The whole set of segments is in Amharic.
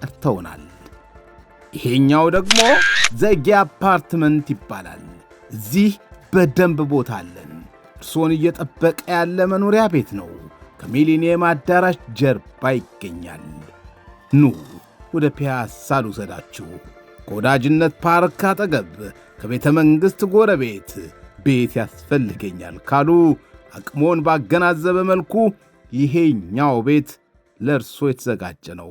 ቀርተውናል። ይሄኛው ደግሞ ዘጌ አፓርትመንት ይባላል። እዚህ በደንብ ቦታ አለን። እርሶን እየጠበቀ ያለ መኖሪያ ቤት ነው። ከሚሊኒየም አዳራሽ ጀርባ ይገኛል። ኑ ወደ ፒያሳ ልውሰዳችሁ። ከወዳጅነት ፓርክ አጠገብ ከቤተ መንግሥት ጎረቤት ቤት ያስፈልገኛል ካሉ አቅሞን ባገናዘበ መልኩ ይሄኛው ቤት ለእርሶ የተዘጋጀ ነው።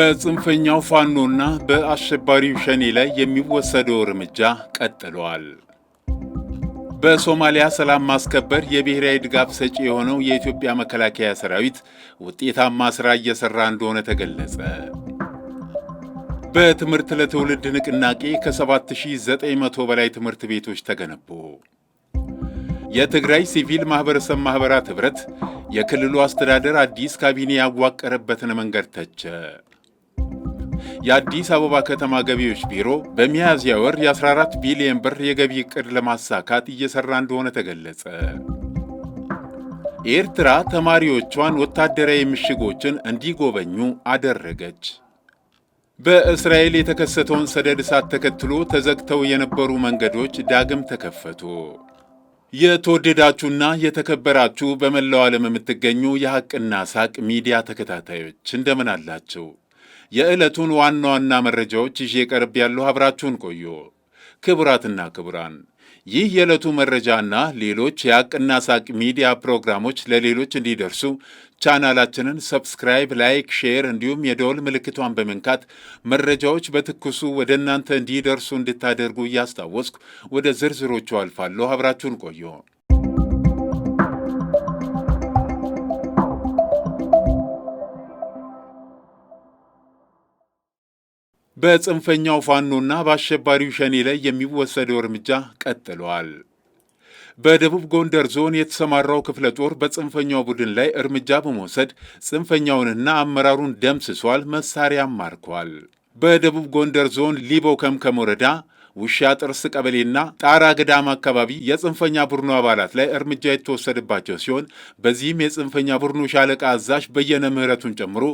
በጽንፈኛው ፋኖና በአሸባሪው ሸኔ ላይ የሚወሰደው እርምጃ ቀጥሏል። በሶማሊያ ሰላም ማስከበር የብሔራዊ ድጋፍ ሰጪ የሆነው የኢትዮጵያ መከላከያ ሰራዊት ውጤታማ ሥራ እየሠራ እንደሆነ ተገለጸ። በትምህርት ለትውልድ ንቅናቄ ከ7900 በላይ ትምህርት ቤቶች ተገነቡ። የትግራይ ሲቪል ማኅበረሰብ ማኅበራት ኅብረት የክልሉ አስተዳደር አዲስ ካቢኔ ያዋቀረበትን መንገድ ተቸ። የአዲስ አበባ ከተማ ገቢዎች ቢሮ በሚያዝያ ወር የ14 ቢሊዮን ብር የገቢ ቅድ ለማሳካት እየሰራ እንደሆነ ተገለጸ። ኤርትራ ተማሪዎቿን ወታደራዊ ምሽጎችን እንዲጎበኙ አደረገች። በእስራኤል የተከሰተውን ሰደድ እሳት ተከትሎ ተዘግተው የነበሩ መንገዶች ዳግም ተከፈቱ። የተወደዳችሁና የተከበራችሁ በመላው ዓለም የምትገኙ የሐቅና ሳቅ ሚዲያ ተከታታዮች እንደምን አላችሁ? የዕለቱን ዋና ዋና መረጃዎች ይዤ ቀርብ ያለሁ። አብራችሁን ቆዩ። ክቡራትና ክቡራን ይህ የዕለቱ መረጃና ሌሎች የአቅና ሳቅ ሚዲያ ፕሮግራሞች ለሌሎች እንዲደርሱ ቻናላችንን ሰብስክራይብ፣ ላይክ፣ ሼር እንዲሁም የደወል ምልክቷን በመንካት መረጃዎች በትኩሱ ወደ እናንተ እንዲደርሱ እንድታደርጉ እያስታወስኩ ወደ ዝርዝሮቹ አልፋለሁ። አብራችሁን ቆዩ። በጽንፈኛው ፋኖና በአሸባሪው ሸኔ ላይ የሚወሰደው እርምጃ ቀጥሏል። በደቡብ ጎንደር ዞን የተሰማራው ክፍለ ጦር በጽንፈኛው ቡድን ላይ እርምጃ በመውሰድ ጽንፈኛውንና አመራሩን ደምስሷል፣ መሳሪያም ማርኳል። በደቡብ ጎንደር ዞን ሊቦ ከምከም ወረዳ ውሻ ጥርስ ቀበሌና ጣራ ገዳም አካባቢ የጽንፈኛ ቡድኑ አባላት ላይ እርምጃ የተወሰደባቸው ሲሆን በዚህም የጽንፈኛ ቡድኑ ሻለቃ አዛዥ በየነ ምህረቱን ጨምሮ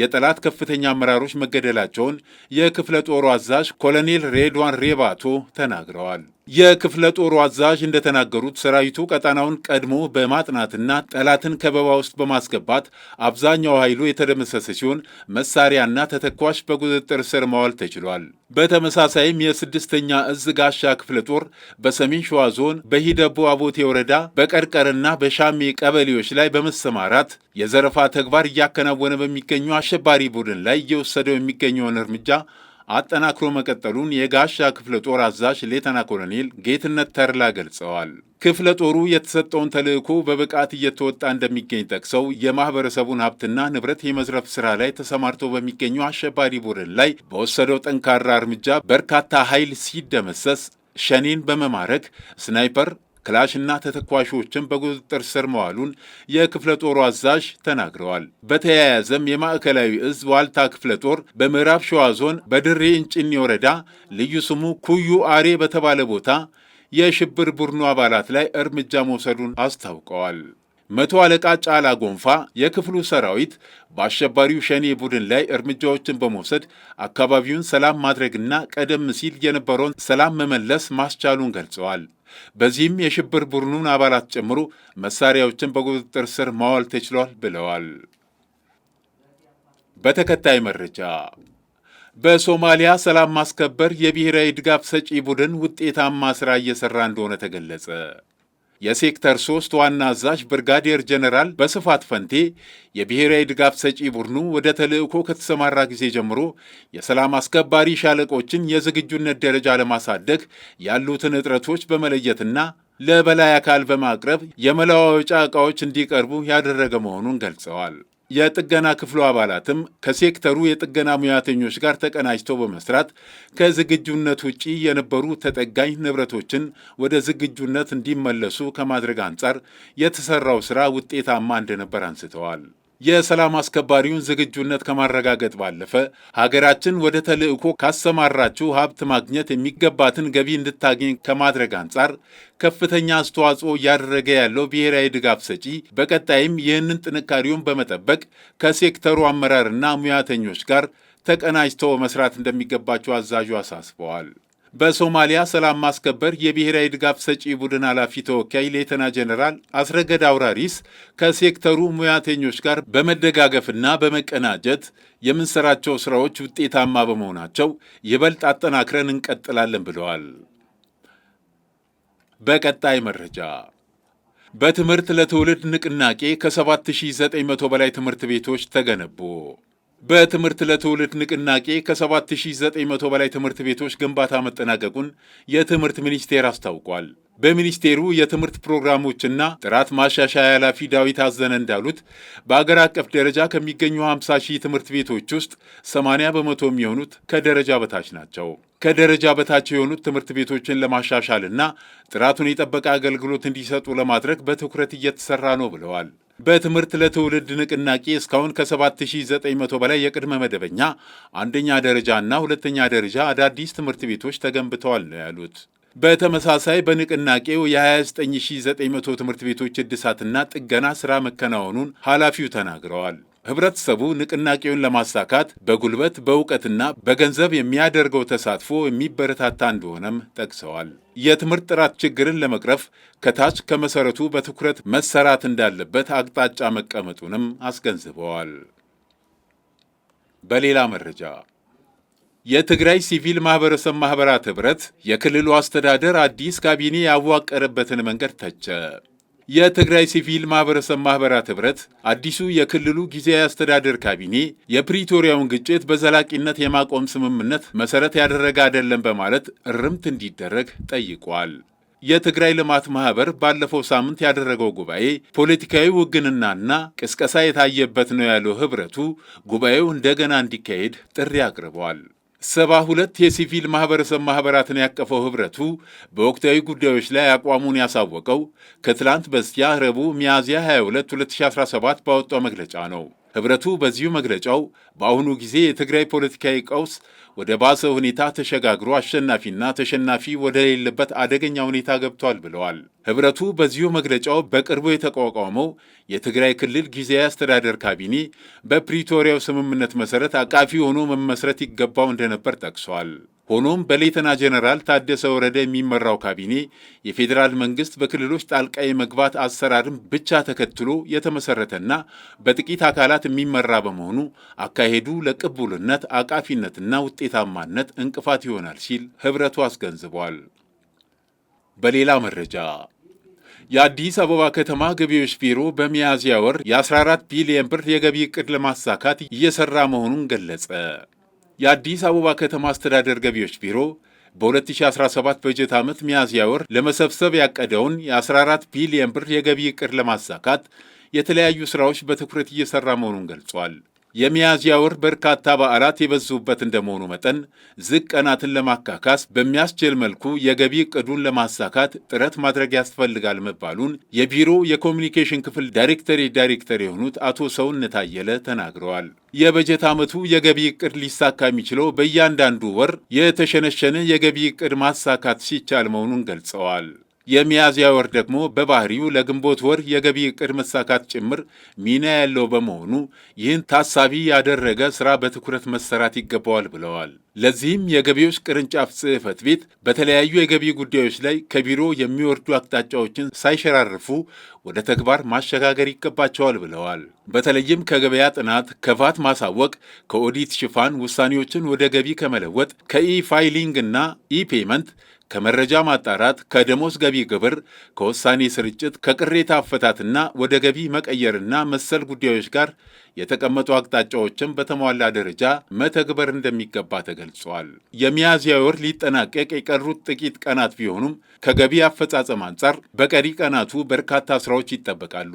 የጠላት ከፍተኛ አመራሮች መገደላቸውን የክፍለ ጦሩ አዛዥ ኮሎኔል ሬድዋን ሬባቶ ተናግረዋል። የክፍለ ጦሩ አዛዥ እንደተናገሩት ሰራዊቱ ቀጠናውን ቀድሞ በማጥናትና ጠላትን ከበባ ውስጥ በማስገባት አብዛኛው ኃይሉ የተደመሰሰ ሲሆን መሳሪያና ተተኳሽ በቁጥጥር ስር ማዋል ተችሏል። በተመሳሳይም የስድስተኛ እዝ ጋሻ ክፍለ ጦር በሰሜን ሸዋ ዞን በሂደቦ አቦቴ ወረዳ በቀርቀርና በሻሜ ቀበሌዎች ላይ በመሰማራት የዘረፋ ተግባር እያከናወነ በሚገኘው አሸባሪ ቡድን ላይ እየወሰደው የሚገኘውን እርምጃ አጠናክሮ መቀጠሉን የጋሻ ክፍለ ጦር አዛዥ ሌተና ኮሎኔል ጌትነት ተርላ ገልጸዋል። ክፍለ ጦሩ የተሰጠውን ተልዕኮ በብቃት እየተወጣ እንደሚገኝ ጠቅሰው የማህበረሰቡን ሀብትና ንብረት የመዝረፍ ስራ ላይ ተሰማርቶ በሚገኙ አሸባሪ ቡድን ላይ በወሰደው ጠንካራ እርምጃ በርካታ ኃይል ሲደመሰስ ሸኔን በመማረክ ስናይፐር ክላሽና ተተኳሾችን በቁጥጥር ስር መዋሉን የክፍለ ጦሩ አዛዥ ተናግረዋል። በተያያዘም የማዕከላዊ እዝ ዋልታ ክፍለ ጦር በምዕራብ ሸዋ ዞን በድሬ እንጭኒ ወረዳ ልዩ ስሙ ኩዩ አሬ በተባለ ቦታ የሽብር ቡድኑ አባላት ላይ እርምጃ መውሰዱን አስታውቀዋል። መቶ አለቃ ጫላ ጎንፋ የክፍሉ ሰራዊት በአሸባሪው ሸኔ ቡድን ላይ እርምጃዎችን በመውሰድ አካባቢውን ሰላም ማድረግና ቀደም ሲል የነበረውን ሰላም መመለስ ማስቻሉን ገልጸዋል። በዚህም የሽብር ቡድኑን አባላት ጨምሮ መሳሪያዎችን በቁጥጥር ስር ማዋል ተችሏል ብለዋል። በተከታይ መረጃ በሶማሊያ ሰላም ማስከበር የብሔራዊ ድጋፍ ሰጪ ቡድን ውጤታማ ስራ እየሰራ እንደሆነ ተገለጸ። የሴክተር ሶስት ዋና አዛዥ ብርጋዴር ጀነራል በስፋት ፈንቴ የብሔራዊ ድጋፍ ሰጪ ቡድኑ ወደ ተልዕኮ ከተሰማራ ጊዜ ጀምሮ የሰላም አስከባሪ ሻለቆችን የዝግጁነት ደረጃ ለማሳደግ ያሉትን እጥረቶች በመለየትና ለበላይ አካል በማቅረብ የመለዋወጫ ዕቃዎች እንዲቀርቡ ያደረገ መሆኑን ገልጸዋል። የጥገና ክፍሉ አባላትም ከሴክተሩ የጥገና ሙያተኞች ጋር ተቀናጅተው በመስራት ከዝግጁነት ውጪ የነበሩ ተጠጋኝ ንብረቶችን ወደ ዝግጁነት እንዲመለሱ ከማድረግ አንጻር የተሰራው ስራ ውጤታማ እንደነበር አንስተዋል። የሰላም አስከባሪውን ዝግጁነት ከማረጋገጥ ባለፈ ሀገራችን ወደ ተልዕኮ ካሰማራችው ሀብት ማግኘት የሚገባትን ገቢ እንድታገኝ ከማድረግ አንጻር ከፍተኛ አስተዋጽኦ እያደረገ ያለው ብሔራዊ ድጋፍ ሰጪ በቀጣይም ይህንን ጥንካሬውን በመጠበቅ ከሴክተሩ አመራርና ሙያተኞች ጋር ተቀናጅተው መስራት እንደሚገባቸው አዛዡ አሳስበዋል። በሶማሊያ ሰላም ማስከበር የብሔራዊ ድጋፍ ሰጪ ቡድን ኃላፊ ተወካይ ሌተና ጀነራል አስረገድ አውራሪስ ከሴክተሩ ሙያተኞች ጋር በመደጋገፍና በመቀናጀት የምንሰራቸው ስራዎች ውጤታማ በመሆናቸው ይበልጥ አጠናክረን እንቀጥላለን ብለዋል። በቀጣይ መረጃ በትምህርት ለትውልድ ንቅናቄ ከ7900 በላይ ትምህርት ቤቶች ተገነቡ። በትምህርት ለትውልድ ንቅናቄ ከ7900 በላይ ትምህርት ቤቶች ግንባታ መጠናቀቁን የትምህርት ሚኒስቴር አስታውቋል። በሚኒስቴሩ የትምህርት ፕሮግራሞችና ጥራት ማሻሻያ ኃላፊ ዳዊት አዘነ እንዳሉት በአገር አቀፍ ደረጃ ከሚገኙ 50 ሺህ ትምህርት ቤቶች ውስጥ 80 በመቶ የሚሆኑት ከደረጃ በታች ናቸው። ከደረጃ በታች የሆኑት ትምህርት ቤቶችን ለማሻሻልና ጥራቱን የጠበቀ አገልግሎት እንዲሰጡ ለማድረግ በትኩረት እየተሰራ ነው ብለዋል። በትምህርት ለትውልድ ንቅናቄ እስካሁን ከ7900 በላይ የቅድመ መደበኛ አንደኛ ደረጃና ሁለተኛ ደረጃ አዳዲስ ትምህርት ቤቶች ተገንብተዋል ነው ያሉት። በተመሳሳይ በንቅናቄው የ29900 ትምህርት ቤቶች እድሳትና ጥገና ስራ መከናወኑን ኃላፊው ተናግረዋል። ህብረተሰቡ ንቅናቄውን ለማሳካት በጉልበት በእውቀትና በገንዘብ የሚያደርገው ተሳትፎ የሚበረታታ እንደሆነም ጠቅሰዋል። የትምህርት ጥራት ችግርን ለመቅረፍ ከታች ከመሰረቱ በትኩረት መሰራት እንዳለበት አቅጣጫ መቀመጡንም አስገንዝበዋል። በሌላ መረጃ የትግራይ ሲቪል ማህበረሰብ ማህበራት ህብረት የክልሉ አስተዳደር አዲስ ካቢኔ ያዋቀረበትን መንገድ ተቸ። የትግራይ ሲቪል ማህበረሰብ ማህበራት ህብረት፣ አዲሱ የክልሉ ጊዜያዊ አስተዳደር ካቢኔ የፕሪቶሪያውን ግጭት በዘላቂነት የማቆም ስምምነት መሰረት ያደረገ አይደለም በማለት እርምት እንዲደረግ ጠይቋል። የትግራይ ልማት ማህበር ባለፈው ሳምንት ያደረገው ጉባኤ ፖለቲካዊ ውግንናና ቅስቀሳ የታየበት ነው ያለው ህብረቱ ጉባኤው እንደገና እንዲካሄድ ጥሪ አቅርበዋል። ሰባ ሁለት የሲቪል ማህበረሰብ ማህበራትን ያቀፈው ህብረቱ በወቅታዊ ጉዳዮች ላይ አቋሙን ያሳወቀው ከትላንት በስቲያ ረቡዕ ሚያዝያ 22 2017 ባወጣው መግለጫ ነው። ህብረቱ በዚሁ መግለጫው በአሁኑ ጊዜ የትግራይ ፖለቲካዊ ቀውስ ወደ ባሰ ሁኔታ ተሸጋግሮ አሸናፊና ተሸናፊ ወደሌለበት አደገኛ ሁኔታ ገብቷል ብለዋል። ህብረቱ በዚሁ መግለጫው በቅርቡ የተቋቋመው የትግራይ ክልል ጊዜያዊ አስተዳደር ካቢኔ በፕሪቶሪያው ስምምነት መሰረት አቃፊ ሆኖ መመስረት ይገባው እንደነበር ጠቅሷል። ሆኖም በሌተና ጀነራል ታደሰ ወረደ የሚመራው ካቢኔ የፌዴራል መንግስት በክልሎች ጣልቃ የመግባት አሰራርን ብቻ ተከትሎ የተመሰረተና በጥቂት አካላት የሚመራ በመሆኑ አካሄዱ ለቅቡልነት አቃፊነትና ውጤታማነት እንቅፋት ይሆናል ሲል ህብረቱ አስገንዝቧል። በሌላ መረጃ የአዲስ አበባ ከተማ ገቢዎች ቢሮ በሚያዝያ ወር የ14 ቢሊየን ብር የገቢ ዕቅድ ለማሳካት እየሰራ መሆኑን ገለጸ። የአዲስ አበባ ከተማ አስተዳደር ገቢዎች ቢሮ በ2017 በጀት ዓመት ሚያዝያ ወር ለመሰብሰብ ያቀደውን የ14 ቢሊየን ብር የገቢ ዕቅድ ለማሳካት የተለያዩ ሥራዎች በትኩረት እየሠራ መሆኑን ገልጿል። የሚያዝያ ወር በርካታ በዓላት የበዙበት እንደመሆኑ መጠን ዝቅ ቀናትን ለማካካስ በሚያስችል መልኩ የገቢ እቅዱን ለማሳካት ጥረት ማድረግ ያስፈልጋል መባሉን የቢሮ የኮሚኒኬሽን ክፍል ዳይሬክተሪ ዳይሬክተር የሆኑት አቶ ሰውነት አየለ ተናግረዋል። የበጀት ዓመቱ የገቢ እቅድ ሊሳካ የሚችለው በእያንዳንዱ ወር የተሸነሸነ የገቢ እቅድ ማሳካት ሲቻል መሆኑን ገልጸዋል። የሚያዝያ ወር ደግሞ በባህሪው ለግንቦት ወር የገቢ እቅድ መሳካት ጭምር ሚና ያለው በመሆኑ ይህን ታሳቢ ያደረገ ስራ በትኩረት መሰራት ይገባዋል ብለዋል። ለዚህም የገቢዎች ቅርንጫፍ ጽህፈት ቤት በተለያዩ የገቢ ጉዳዮች ላይ ከቢሮ የሚወርዱ አቅጣጫዎችን ሳይሸራርፉ ወደ ተግባር ማሸጋገር ይገባቸዋል ብለዋል። በተለይም ከገበያ ጥናት፣ ከቫት ማሳወቅ፣ ከኦዲት ሽፋን ውሳኔዎችን ወደ ገቢ ከመለወጥ፣ ከኢ ፋይሊንግ እና ኢ ፔመንት ከመረጃ ማጣራት፣ ከደሞዝ ገቢ ግብር፣ ከውሳኔ ስርጭት፣ ከቅሬታ አፈታትና ወደ ገቢ መቀየርና መሰል ጉዳዮች ጋር የተቀመጡ አቅጣጫዎችን በተሟላ ደረጃ መተግበር እንደሚገባ ተገልጿል። የሚያዝያ ወር ሊጠናቀቅ የቀሩት ጥቂት ቀናት ቢሆኑም ከገቢ አፈጻጸም አንጻር በቀሪ ቀናቱ በርካታ ስራዎች ይጠበቃሉ።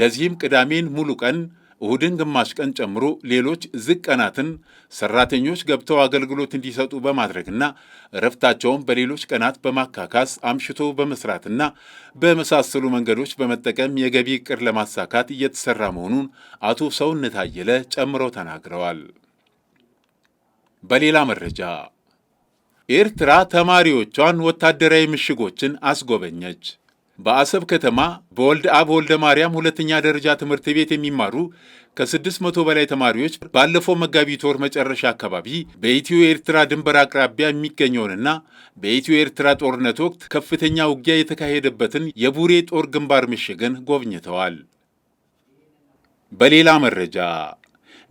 ለዚህም ቅዳሜን ሙሉ ቀን እሁድን ግማሽ ቀን ጨምሮ ሌሎች ዝቅ ቀናትን ሰራተኞች ገብተው አገልግሎት እንዲሰጡ በማድረግና እረፍታቸውን በሌሎች ቀናት በማካካስ አምሽቶ በመስራትና በመሳሰሉ መንገዶች በመጠቀም የገቢ እቅድ ለማሳካት እየተሰራ መሆኑን አቶ ሰውነት አየለ ጨምረው ተናግረዋል። በሌላ መረጃ ኤርትራ ተማሪዎቿን ወታደራዊ ምሽጎችን አስጎበኘች። በአሰብ ከተማ በወልድ አብ ወልደ ማርያም ሁለተኛ ደረጃ ትምህርት ቤት የሚማሩ ከ600 በላይ ተማሪዎች ባለፈው መጋቢት ወር መጨረሻ አካባቢ በኢትዮ ኤርትራ ድንበር አቅራቢያ የሚገኘውንና በኢትዮ ኤርትራ ጦርነት ወቅት ከፍተኛ ውጊያ የተካሄደበትን የቡሬ ጦር ግንባር ምሽግን ጎብኝተዋል። በሌላ መረጃ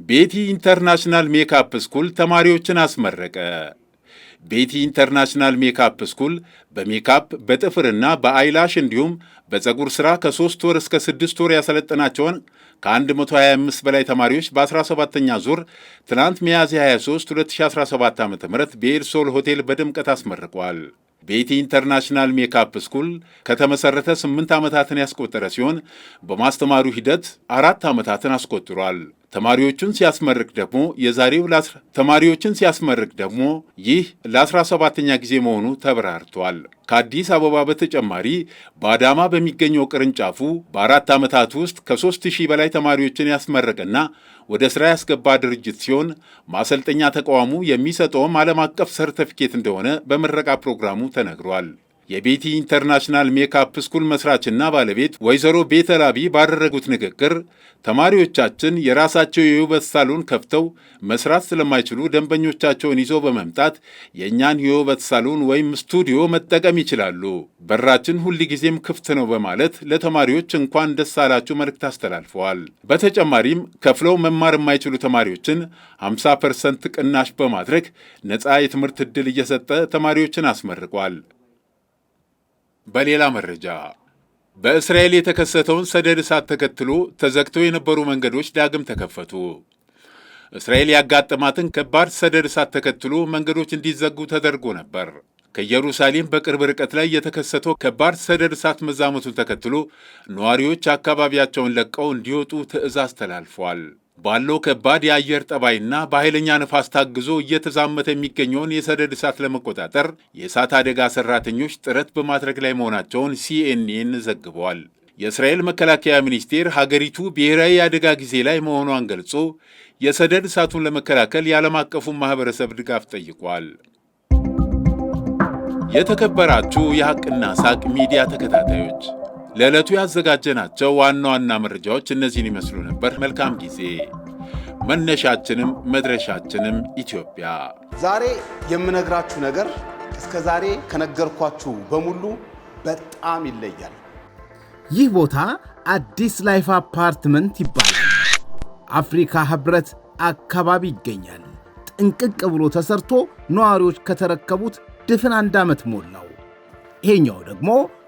ቤቲ ኢንተርናሽናል ሜካፕ ስኩል ተማሪዎችን አስመረቀ። ቤቲ ኢንተርናሽናል ሜካፕ ስኩል በሜካፕ በጥፍርና በአይላሽ እንዲሁም በፀጉር ሥራ ከሦስት ወር እስከ ስድስት ወር ያሰለጠናቸውን ከ125 በላይ ተማሪዎች በ17ኛ ዙር ትናንት ሚያዝያ 23 2017 ዓ ም በኤልሶል ሆቴል በድምቀት አስመርቋል። ቤቲ ኢንተርናሽናል ሜካፕ ስኩል ከተመሠረተ ስምንት ዓመታትን ያስቆጠረ ሲሆን በማስተማሩ ሂደት አራት ዓመታትን አስቆጥሯል። ተማሪዎቹን ሲያስመርቅ ደግሞ የዛሬው ተማሪዎችን ሲያስመርቅ ደግሞ ይህ ለ17ኛ ጊዜ መሆኑ ተብራርቷል። ከአዲስ አበባ በተጨማሪ በአዳማ በሚገኘው ቅርንጫፉ በአራት ዓመታት ውስጥ ከሦስት ሺህ በላይ ተማሪዎችን ያስመረቀና ወደ ሥራ ያስገባ ድርጅት ሲሆን ማሰልጠኛ ተቋሙ የሚሰጠውም ዓለም አቀፍ ሰርተፊኬት እንደሆነ በምረቃ ፕሮግራሙ ተነግሯል። የቤቲ ኢንተርናሽናል ሜካፕ ስኩል መስራችና ባለቤት ወይዘሮ ቤተላቢ ባደረጉት ንግግር ተማሪዎቻችን የራሳቸው የውበት ሳሎን ከፍተው መስራት ስለማይችሉ ደንበኞቻቸውን ይዘው በመምጣት የእኛን የውበት ሳሎን ወይም ስቱዲዮ መጠቀም ይችላሉ። በራችን ጊዜም ክፍት ነው በማለት ለተማሪዎች እንኳን ደስ አላችሁ መልእክት አስተላልፈዋል። በተጨማሪም ከፍለው መማር የማይችሉ ተማሪዎችን 50 ፐርሰንት ቅናሽ በማድረግ ነፃ የትምህርት ዕድል እየሰጠ ተማሪዎችን አስመርቋል። በሌላ መረጃ በእስራኤል የተከሰተውን ሰደድ እሳት ተከትሎ ተዘግተው የነበሩ መንገዶች ዳግም ተከፈቱ። እስራኤል ያጋጠማትን ከባድ ሰደድ እሳት ተከትሎ መንገዶች እንዲዘጉ ተደርጎ ነበር። ከኢየሩሳሌም በቅርብ ርቀት ላይ የተከሰተው ከባድ ሰደድ እሳት መዛመቱን ተከትሎ ነዋሪዎች አካባቢያቸውን ለቀው እንዲወጡ ትዕዛዝ ተላልፏል። ባለው ከባድ የአየር ጠባይና በኃይለኛ ነፋስ ታግዞ እየተዛመተ የሚገኘውን የሰደድ እሳት ለመቆጣጠር የእሳት አደጋ ሰራተኞች ጥረት በማድረግ ላይ መሆናቸውን ሲኤንኤን ዘግበዋል። የእስራኤል መከላከያ ሚኒስቴር ሀገሪቱ ብሔራዊ የአደጋ ጊዜ ላይ መሆኗን ገልጾ የሰደድ እሳቱን ለመከላከል የዓለም አቀፉን ማኅበረሰብ ድጋፍ ጠይቋል። የተከበራችሁ የሐቅና ሳቅ ሚዲያ ተከታታዮች ለዕለቱ ያዘጋጀናቸው ዋና ዋና መረጃዎች እነዚህን ይመስሉ ነበር። መልካም ጊዜ። መነሻችንም መድረሻችንም ኢትዮጵያ። ዛሬ የምነግራችሁ ነገር እስከ ዛሬ ከነገርኳችሁ በሙሉ በጣም ይለያል። ይህ ቦታ አዲስ ላይፍ አፓርትመንት ይባላል። አፍሪካ ህብረት አካባቢ ይገኛል። ጥንቅቅ ብሎ ተሰርቶ ነዋሪዎች ከተረከቡት ድፍን አንድ ዓመት ሞላው። ይሄኛው ደግሞ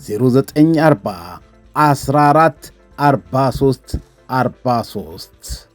0940 14 43 43